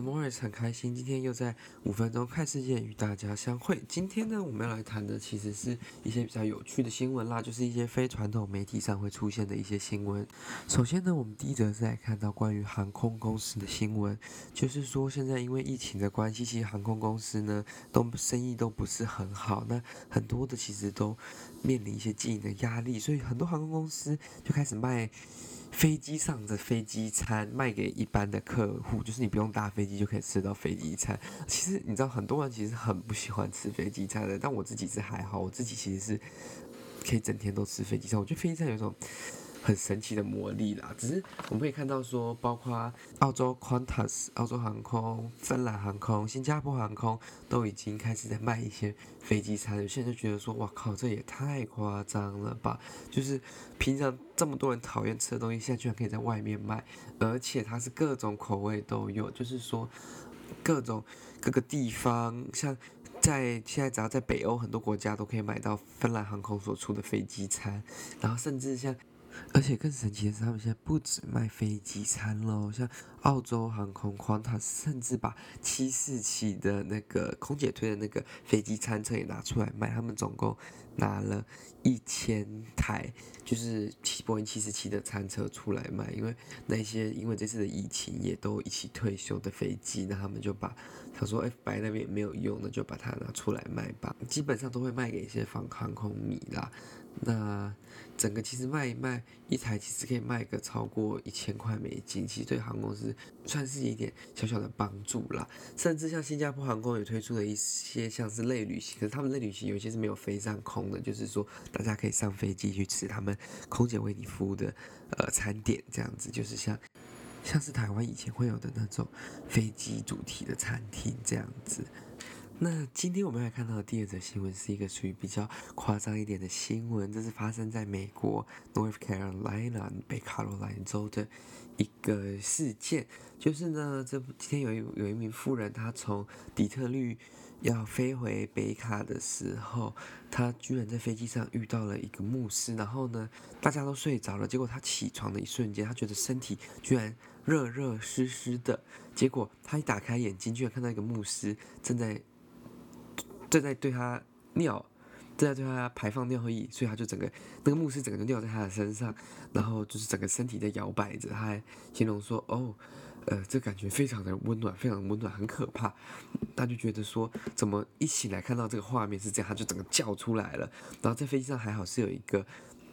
Morris 很開心，今天又在五分鐘看世界與大家相會。今天呢，我們要來談的其實是一些比較有趣的新聞啦，就是一些非傳統媒體上會出現的一些新聞。首先呢，我們第一則是來看到關於航空公司的新聞，就是說現在因為疫情的關係，其實航空公司呢都生意都不是很好，那很多的其實都面臨一些經營的壓力，所以很多航空公司就開始賣。飛機上的飛機餐賣給一般的客戶，就是你不用搭飛機就可以吃到飛機餐。其實你知道，很多人其實很不喜歡吃飛機餐的，但我自己是還好，我自己其實是可以整天都吃飛機餐。我覺得飛機餐有種很神奇的魔力啦，只是我們可以看到說，包括澳洲 Qantas、澳洲航空、芬蘭航空、新加坡航空都已經開始在賣一些飛機餐。有些人就覺得說，哇靠，這也太誇張了吧！就是平常這麼多人討厭吃的東西，現在居然可以在外面賣，而且它是各種口味都有，就是說各種各個地方，像在現在只要在北歐很多國家都可以買到芬蘭航空所出的飛機餐，然後甚至像。而且更神奇的是，他們現在不止賣飛機餐嘍，像澳洲航空、Qantas 他甚至把七四七的那個空姐推的那個飛機餐車也拿出來賣。他們總共。拿了一千台，就是七波音七十七的餐車出來賣，因為那些因為這次的疫情也都一起退休的飛機，那他們就把他說 f 白那邊沒有用，那就把它拿出來賣吧。基本上都會賣給一些仿航空迷啦。那整個其實賣一賣一台其實可以賣個超過一千塊美金，其實對航空公司算是一點小小的幫助啦。甚至像新加坡航空也推出了一些像是類旅行，可是他們類旅行有些是沒有飛上空。就是說，大家可以上飛機去吃他們空姐為你服務的呃餐點，這樣子，就是像像是台灣以前會有的那種飛機主題的餐廳這樣子。那今天我們來看到的第二則新聞是一個屬於比較誇張一點的新聞，這是發生在美國 North Carolina 北卡羅蘭州的一個事件，就是呢，這今天有一有一名富人他從底特律。要飛回北卡的時候，他居然在飛機上遇到了一個牧師。然後呢，大家都睡着了。結果他起床的一瞬間，他覺得身體居然熱熱濕濕的。結果他一打開眼睛，居然看到一個牧師正在正在對他尿，正在對他排放尿液。所以他就整個那個牧師整個就尿在他的身上，然後就是整個身體在搖擺着。他還形容說哦。呃，這感覺非常的溫暖，非常的溫暖，很可怕。他就覺得說，怎麼一醒來看到這個畫面是這樣，他就整個叫出來了。然後在飛機上還好是有一個，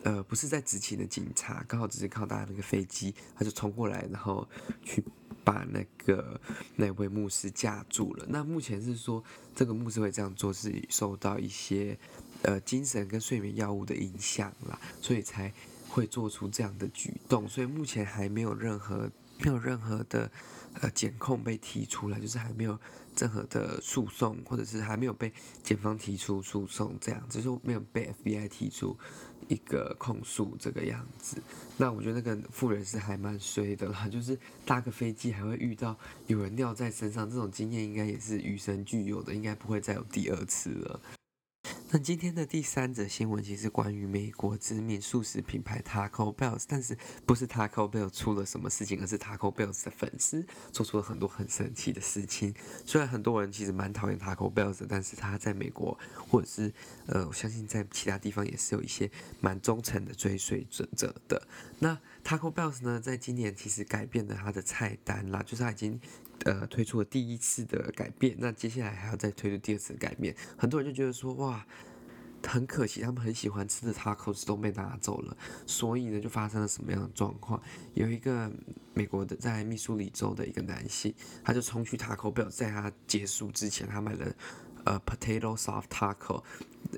呃，不是在執勤的警察，剛好只是靠他那個飛機，他就衝過來，然後去把那個那位牧師架住了。那目前是說，這個牧師會這樣做是受到一些呃精神跟睡眠藥物的影響啦，所以才會做出這樣的舉動。所以目前還沒有任何。沒有任何的呃檢控被提出來，就是還沒有任何的訴訟，或者是還沒有被檢方提出訴訟這樣子，就是沒有被 FBI 提出一個控訴這個樣子。那我覺得那個富人是還蠻衰的啦，就是搭個飛機還會遇到有人尿在身上，這種經驗應該也是與生俱有的，應該不會再有第二次了。那今天的第三則新聞，其實是關於美國知名速食品牌 Taco Bell，但是不是 Taco Bell 出了什麼事情，而是 Taco Bell 的粉絲做出了很多很神奇的事情。雖然很多人其實蠻討厭 Taco Bell，但是他在美國或者是呃，我相信在其他地方也是有一些蠻忠誠的追隨者的。那 Taco Bell 呢，在今年其實改變了它的菜單啦，就是它已經。呃，推出了第一次的改變，那接下來還要再推出第二次的改變，很多人就覺得說，哇，很可惜，他們很喜歡吃的塔可斯都被拿走了，所以呢，就發生了什麼樣的狀況？有一個美國的在密蘇里州的一個男性，他就衝去塔可，表在他結束之前，他買了。呃，potato soft taco，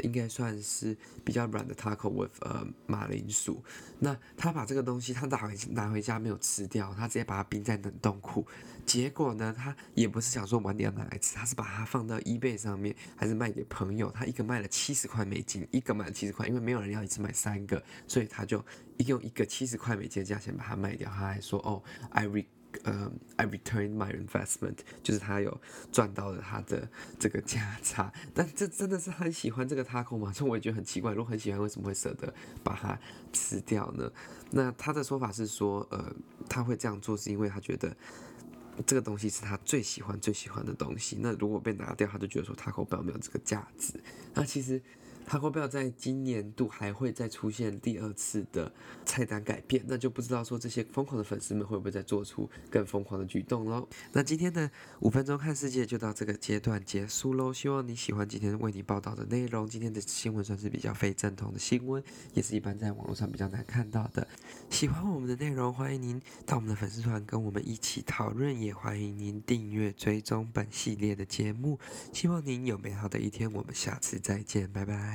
應該算是比較軟的 taco with 呃，馬鈴薯。那他把這個東西他打，他拿拿回家，沒有吃掉，他直接把它冰在冷凍庫。結果呢，他也不是想說晚點要拿來吃，他是把它放到 eBay 上面，還是賣給朋友。他一個賣了七十塊美金，一個賣了七十塊，因為沒有人要一次買三個，所以他就用一個七十塊美金的價錢把它賣掉。他還說哦，I re 嗯，I returned my investment，就是他有賺到了他的這個價差，但這真的是很喜歡這個 taco 嘛。所以我也覺得很奇怪，如果很喜歡，為什麼會捨得把它吃掉呢？那他的說法是說，呃，他會這樣做是因為他覺得這個東西是他最喜歡最喜歡的東西，那如果被拿掉，他就覺得說 taco 不要沒有這個價值。那其實。他會不會在今年度還會再出現第二次的菜單改變？那就不知道說這些瘋狂的粉絲們會不會再做出更瘋狂的舉動嘍？那今天的五分鐘看世界就到這個階段結束嘍。希望你喜歡今天為你報道的內容。今天的新聞算是比較非正統的新聞，也是一般在網絡上比較難看到的。喜歡我們的內容，歡迎您到我們的粉絲團跟我們一起討論，也歡迎您訂閱追蹤本系列的節目。希望您有美好的一天，我們下次再見，拜拜。